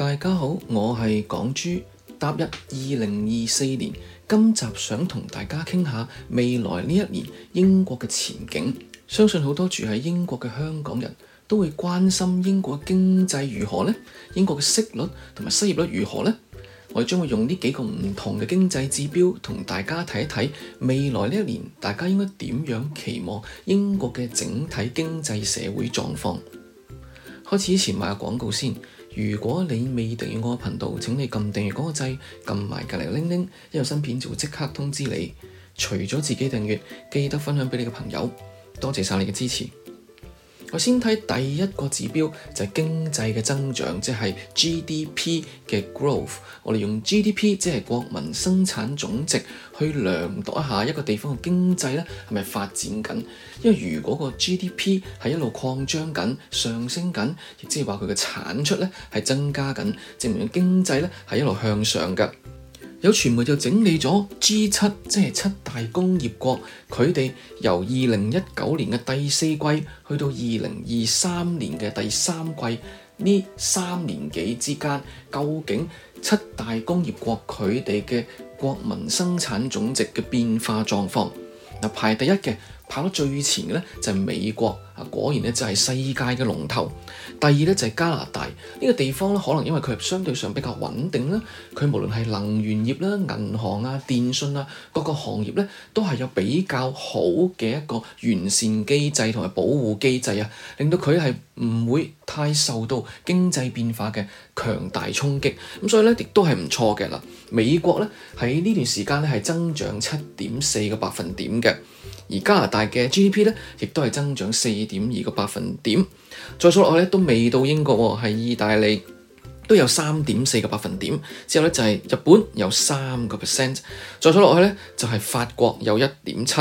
大家好，我係港豬。踏入二零二四年，今集想同大家傾下未來呢一年英國嘅前景。相信好多住喺英國嘅香港人都會關心英國經濟如何呢？英國嘅息率同埋失業率如何呢？我哋將會用呢幾個唔同嘅經濟指標同大家睇一睇未來呢一年，大家應該點樣期望英國嘅整體經濟社會狀況？開始之前，賣下廣告先。如果你未訂閱我嘅頻道，請你撳訂閱嗰個掣，撳埋隔籬鈴鈴，一有新片就會即刻通知你。除咗自己訂閱，記得分享畀你嘅朋友。多謝晒你嘅支持。我先睇第一個指標就係經濟嘅增長，即係 GDP 嘅 growth。我哋用 GDP，即係國民生產總值，去量度一下一個地方嘅經濟呢係咪發展緊。因為如果個 GDP 係一路擴張緊、上升緊，亦即係話佢嘅產出呢係增加緊，證明經濟呢係一路向上嘅。有傳媒就整理咗 G 七，即係七大工業國，佢哋由二零一九年嘅第四季去到二零二三年嘅第三季，呢三年幾之間，究竟七大工業國佢哋嘅國民生產總值嘅變化狀況？嗱，排第一嘅。跑得最前嘅咧就係美國啊，果然咧就係世界嘅龍頭。第二呢，就係加拿大呢、呢個地方呢，可能因為佢相對上比較穩定啦。佢無論係能源業啦、銀行啊、電信啊各個行業呢，都係有比較好嘅一個完善機制同埋保護機制啊，令到佢係唔會太受到經濟變化嘅強大衝擊咁，所以呢，亦都係唔錯嘅啦。美國呢，喺呢段時間呢，係增長七點四個百分點嘅。的而加拿大嘅 GDP 呢，亦都係增長四點二個百分點。再數落去呢，都未到英國喎，係意大利都有三點四個百分點。之後呢，就係日本有三個 percent。再數落去呢，就係法國有一點七。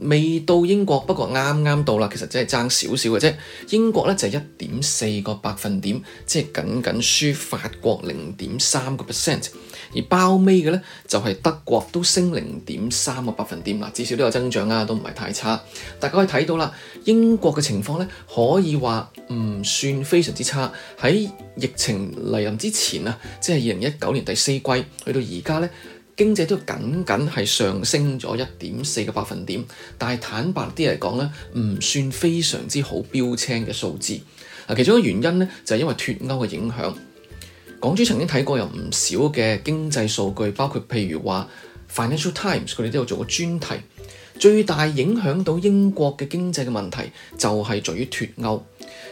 未到英國，不過啱啱到啦，其實淨係爭少少嘅啫。英國咧就係一點四個百分點，即係僅僅輸法國零點三個 percent，而包尾嘅咧就係、是、德國都升零點三個百分點。嗱，至少都有增長啦，都唔係太差。大家可以睇到啦，英國嘅情況咧可以話唔算非常之差。喺疫情嚟臨之前啊，即係二零一九年第四季去到而家呢。.經濟都僅僅係上升咗一點四個百分點，但係坦白啲嚟講呢，唔算非常之好標青嘅數字。嗱，其中一個原因呢，就係因為脱歐嘅影響。港豬曾經睇過有唔少嘅經濟數據，包括譬如話 Financial Times 佢哋都有做過專題，最大影響到英國嘅經濟嘅問題就係在於脱歐。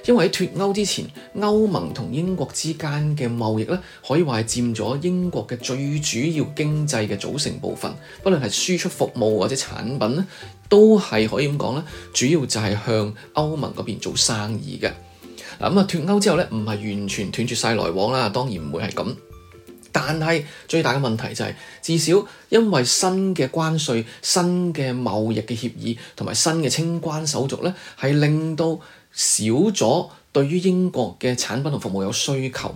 因為喺脱歐之前，歐盟同英國之間嘅貿易咧，可以話係佔咗英國嘅最主要經濟嘅組成部分。不論係輸出服務或者產品咧，都係可以咁講咧，主要就係向歐盟嗰邊做生意嘅。嗱、嗯、咁脱歐之後呢，唔係完全斷絕曬來往啦，當然唔會係咁。但係最大嘅問題就係、係，至少因為新嘅關稅、新嘅貿易嘅協議同埋新嘅清關手續呢，係令到，少咗對於英國嘅產品同服務有需求，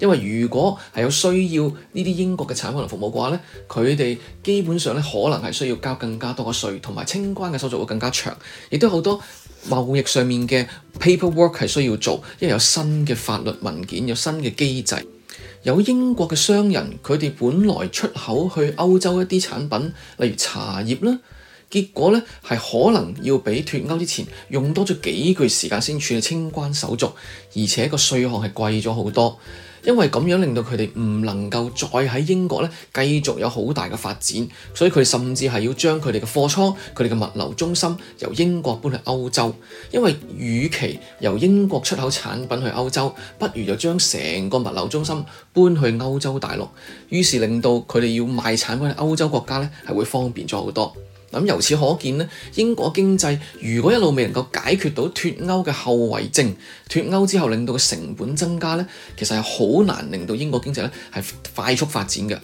因為如果係有需要呢啲英國嘅產品同服務嘅話咧，佢哋基本上咧可能係需要交更加多嘅稅，同埋清關嘅手續會更加長，亦都好多貿易上面嘅 paperwork 係需要做，因為有新嘅法律文件，有新嘅機制。有英國嘅商人，佢哋本來出口去歐洲一啲產品，例如茶葉啦。結果呢，係可能要比脫歐之前用多咗幾個月時間先處理清關手續，而且個稅項係貴咗好多。因為咁樣令到佢哋唔能夠再喺英國呢繼續有好大嘅發展，所以佢哋甚至係要將佢哋嘅貨倉、佢哋嘅物流中心由英國搬去歐洲，因為與其由英國出口產品去歐洲，不如就將成個物流中心搬去歐洲大陸，於是令到佢哋要賣產品去歐洲國家，呢係會方便咗好多。咁由此可見咧，英國經濟如果一路未能夠解決到脱歐嘅後遺症，脱歐之後令到嘅成本增加咧，其實係好難令到英國經濟咧係快速發展嘅。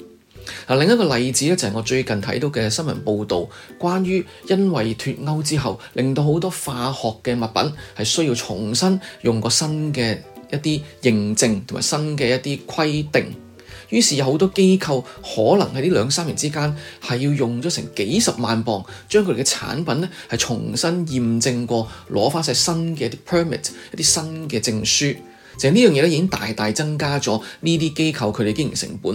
嗱，另一個例子咧就係我最近睇到嘅新聞報導，關於因為脱歐之後令到好多化學嘅物品係需要重新用個新嘅一啲認證同埋新嘅一啲規定。於是有好多機構可能喺呢兩三年之間係要用咗成幾十萬磅，將佢哋嘅產品咧係重新驗證過，攞翻曬新嘅一啲 permit、一啲新嘅證書。就係呢樣嘢已經大大增加咗呢啲機構佢哋經營成本。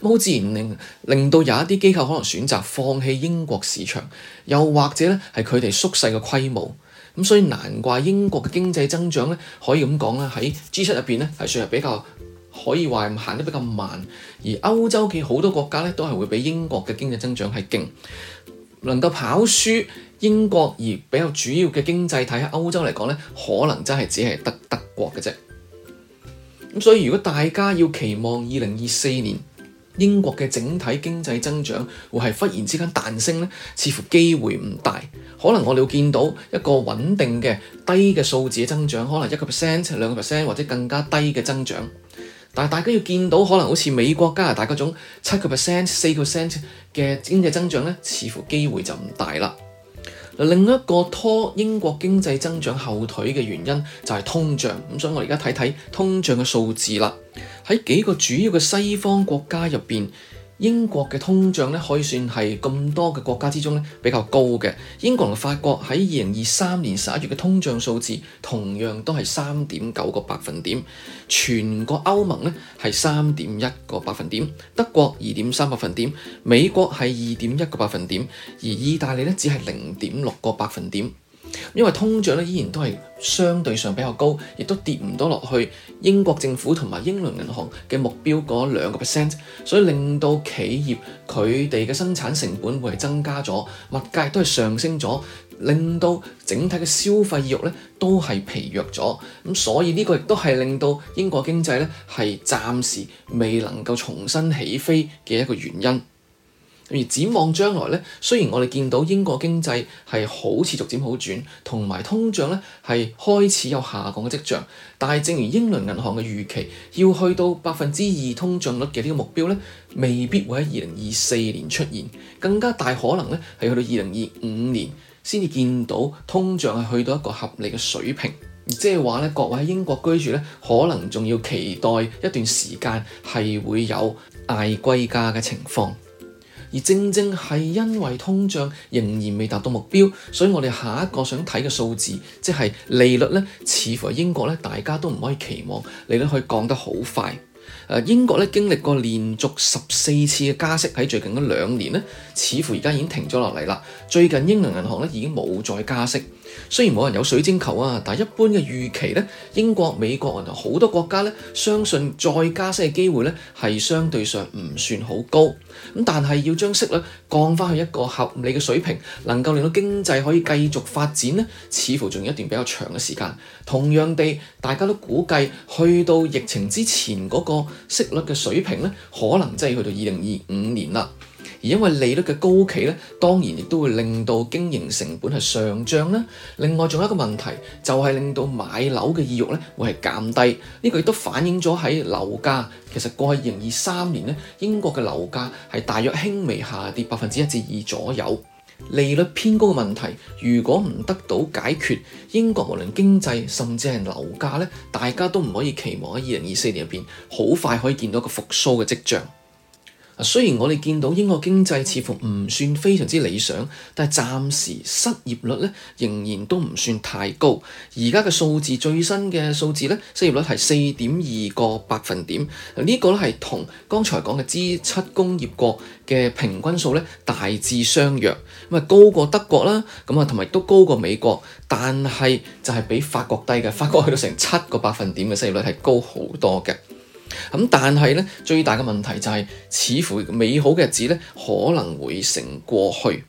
咁好自然令，令到有一啲機構可能選擇放棄英國市場，又或者咧係佢哋縮細嘅規模。咁所以難怪英國嘅經濟增長咧，可以咁講啦，喺 G7 入面咧係算係比較。可以話行得比較慢，而歐洲嘅好多國家咧都係會比英國嘅經濟增長係勁，能夠跑輸英國，而比較主要嘅經濟體喺歐洲嚟講咧，可能真係只係得德國嘅啫。咁所以如果大家要期望二零二四年英國嘅整體經濟增長會係忽然之間彈升，咧，似乎機會唔大。可能我哋會見到一個穩定嘅低嘅數字嘅增長，可能一個 percent、兩個 percent 或者更加低嘅增長。但大家要見到，可能好似美國、加拿大嗰種七個 percent、四個 percent 嘅經濟增長呢，似乎機會就唔大啦。另一個拖英國經濟增長後腿嘅原因就係通脹，咁、嗯、所以我哋而家睇睇通脹嘅數字啦。喺幾個主要嘅西方國家入邊。英國嘅通脹咧可以算係咁多嘅國家之中咧比較高嘅。英國同法國喺二零二三年十一月嘅通脹數字同樣都係三點九個百分點。全個歐盟咧係三點一個百分點，德國二點三個百分點，美國係二點一個百分點，而意大利咧只係零點六個百分點。因為通脹依然都係相對上比較高，亦都跌唔到落去英國政府同埋英倫銀行嘅目標嗰兩個 percent，所以令到企業佢哋嘅生產成本會增加咗，物價亦都係上升咗，令到整體嘅消費意欲呢都係疲弱咗，咁所以呢個亦都係令到英國經濟呢係暫時未能夠重新起飛嘅一個原因。而展望將來咧，雖然我哋見到英國經濟係好似逐漸好轉，同埋通脹咧係開始有下降嘅跡象，但係正如英倫銀行嘅預期，要去到百分之二通脹率嘅呢個目標呢，未必會喺二零二四年出現，更加大可能呢，係去到二零二五年先至見到通脹係去到一個合理嘅水平。而即係話，呢各位喺英國居住呢，可能仲要期待一段時間係會有捱歸家嘅情況。而正正係因為通脹仍然未達到目標，所以我哋下一個想睇嘅數字，即係利率呢，似乎英國呢，大家都唔可以期望利率可以降得好快。誒、呃，英國呢，經歷過連續十四次嘅加息喺最近嗰兩年呢，似乎而家已經停咗落嚟啦。最近英倫銀行呢，已經冇再加息。雖然冇人有水晶球啊，但一般嘅預期咧，英國、美國同埋好多國家咧，相信再加息嘅機會咧係相對上唔算好高。咁但係要將息率降翻去一個合理嘅水平，能夠令到經濟可以繼續發展呢，似乎仲有一段比較長嘅時間。同樣地，大家都估計去到疫情之前嗰個息率嘅水平呢，可能真係去到二零二五年啦。而因為利率嘅高企呢，當然亦都會令到經營成本係上漲咧。另外仲有一個問題，就係令到買樓嘅意欲咧會係減低。呢個亦都反映咗喺樓價，其實過去二零二三年呢，英國嘅樓價係大約輕微下跌百分之一至二左右。利率偏高嘅問題，如果唔得到解決，英國無論經濟，甚至係樓價呢，大家都唔可以期望喺二零二四年入面好快可以見到一個復甦嘅跡象。雖然我哋見到英國經濟似乎唔算非常之理想，但係暫時失業率咧仍然都唔算太高。而家嘅數字最新嘅數字咧，失業率係四點二個百分點。呢個咧係同剛才講嘅 G 七工業國嘅平均數咧大致相若。咁啊，高過德國啦，咁啊，同埋都高過美國，但係就係比法國低嘅。法國去到成七個百分點嘅失業率係高好多嘅。但係呢，最大嘅問題就係、是，似乎美好嘅日子呢可能會成過去，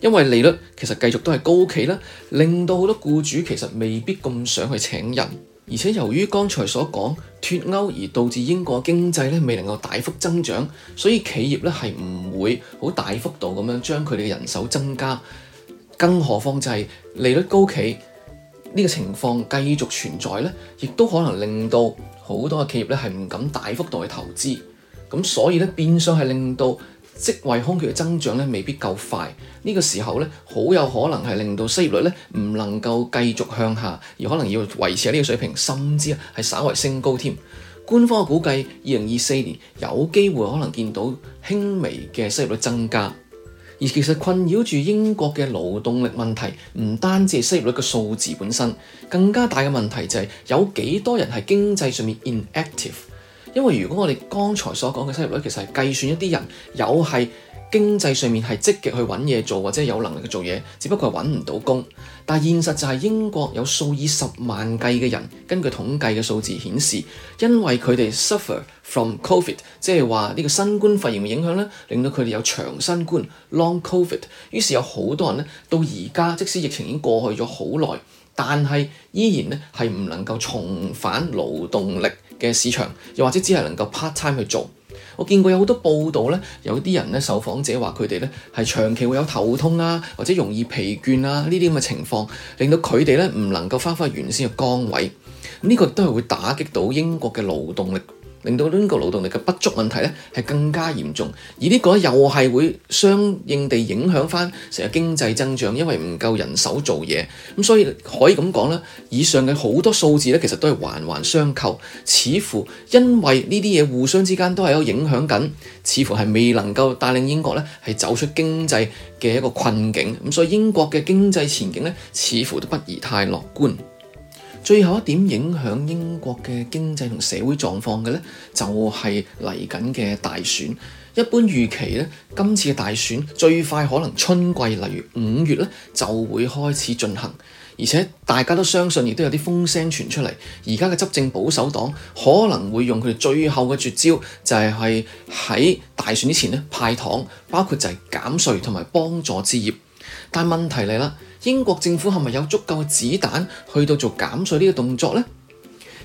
因為利率其實繼續都係高企，令到好多僱主其實未必咁想去請人，而且由於剛才所講脫歐而導致英國經濟呢未能夠大幅增長，所以企業呢係唔會好大幅度咁樣將佢哋嘅人手增加，更何況就係利率高企。呢個情況繼續存在呢亦都可能令到好多企業咧係唔敢大幅度去投資，咁所以咧變相係令到職位空缺嘅增長呢未必夠快。呢個時候呢，好有可能係令到失業率呢唔能夠繼續向下，而可能要維持喺呢個水平，甚至啊係稍為升高添。官方估計，二零二四年有機會可能見到輕微嘅失業率增加。而其實困擾住英國嘅勞動力問題，唔單止係失業率嘅數字本身，更加大嘅問題就係有幾多人喺經濟上面 inactive。因為如果我哋剛才所講嘅失業率，其實係計算一啲人有係，經濟上面係積極去揾嘢做或者有能力去做嘢，只不過係揾唔到工。但係現實就係英國有數以十萬計嘅人，根據統計嘅數字顯示，因為佢哋 suffer from covid，即係話呢個新冠肺炎嘅影響呢，令到佢哋有長新冠 （long covid）。於是有好多人呢到而家，即使疫情已經過去咗好耐，但係依然呢係唔能夠重返勞動力嘅市場，又或者只係能夠 part time 去做。我見過有好多報道呢，有啲人咧，受訪者話佢哋咧，係長期會有頭痛啊，或者容易疲倦啊呢啲咁嘅情況，令到佢哋咧唔能夠翻返原先嘅崗位，咁呢個都係會打擊到英國嘅勞動力。令到英國勞動力嘅不足問題咧係更加嚴重，而呢個又係會相應地影響翻成個經濟增長，因為唔夠人手做嘢，咁所以可以咁講咧，以上嘅好多數字呢，其實都係環環相扣，似乎因為呢啲嘢互相之間都係有影響緊，似乎係未能夠帶領英國呢，係走出經濟嘅一個困境，咁所以英國嘅經濟前景呢，似乎都不宜太樂觀。最後一點影響英國嘅經濟同社會狀況嘅呢，就係嚟緊嘅大選。一般預期呢，今次嘅大選最快可能春季，例如五月呢，就會開始進行。而且大家都相信，亦都有啲風聲傳出嚟，而家嘅執政保守黨可能會用佢哋最後嘅絕招，就係喺大選之前呢，派糖，包括就係減稅同埋幫助置業。但係問題嚟啦。英國政府係咪有足夠嘅子彈去到做減稅呢個動作呢？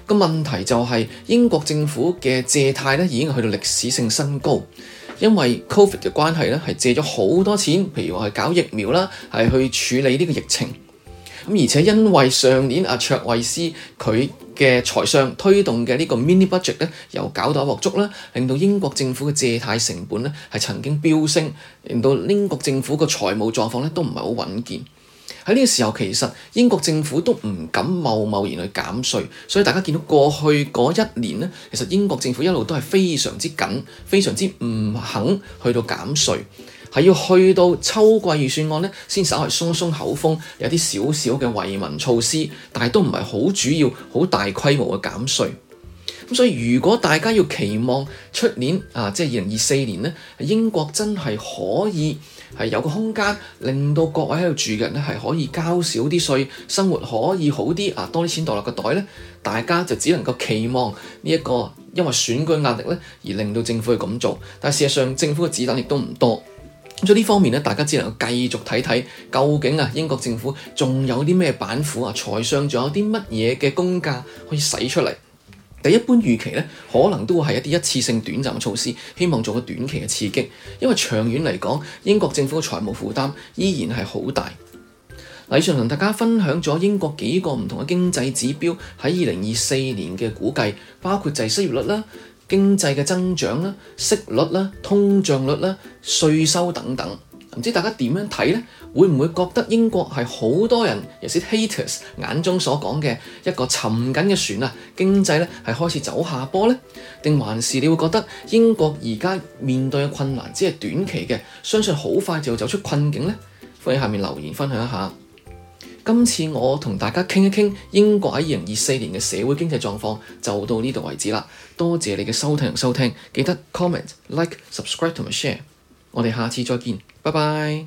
個問題就係英國政府嘅借貸已經去到歷史性新高，因為 Covid 嘅關係呢係借咗好多錢，譬如話係搞疫苗啦，係去處理呢個疫情。而且因為上年阿卓慧思佢嘅財相推動嘅呢個 mini budget 咧，又搞到一鍋粥啦，令到英國政府嘅借貸成本呢係曾經飆升，令到英國政府嘅財務狀況咧都唔係好穩健。喺呢個時候，其實英國政府都唔敢貿貿然去減稅，所以大家見到過去嗰一年呢，其實英國政府一路都係非常之緊，非常之唔肯去到減稅，係要去到秋季預算案呢，先稍為鬆鬆口風，有啲少少嘅惠民措施，但係都唔係好主要、好大規模嘅減稅。咁所以如果大家要期望出年啊，即係二零二四年呢，英國真係可以係有個空間令到各位喺度住嘅人係可以交少啲稅，生活可以好啲，啊多啲錢墮落個袋咧，大家就只能夠期望呢、這、一個，因為選舉壓力咧而令到政府去咁做。但事實上，政府嘅子彈亦都唔多。咁在呢方面咧，大家只能夠繼續睇睇，究竟啊英國政府仲有啲咩板斧啊，財相仲有啲乜嘢嘅功架可以使出嚟。係一般預期呢，可能都會係一啲一次性短暫嘅措施，希望做個短期嘅刺激。因為長遠嚟講，英國政府嘅財務負擔依然係好大。李尚同大家分享咗英國幾個唔同嘅經濟指標喺二零二四年嘅估計，包括就係失業率啦、經濟嘅增長啦、息率啦、通脹率啦、稅收等等。唔知大家點樣睇呢？會唔會覺得英國係好多人，尤其是 haters 眼中所講嘅一個沉緊嘅船啊？經濟咧係開始走下坡呢？定還是你會覺得英國而家面對嘅困難只係短期嘅，相信好快就會走出困境呢？歡迎下面留言分享一下。今次我同大家傾一傾英國喺二零二四年嘅社會經濟狀況，就到呢度為止啦。多謝你嘅收聽同收聽，記得 comment、like、subscribe 同 share。我哋下次再見。拜拜。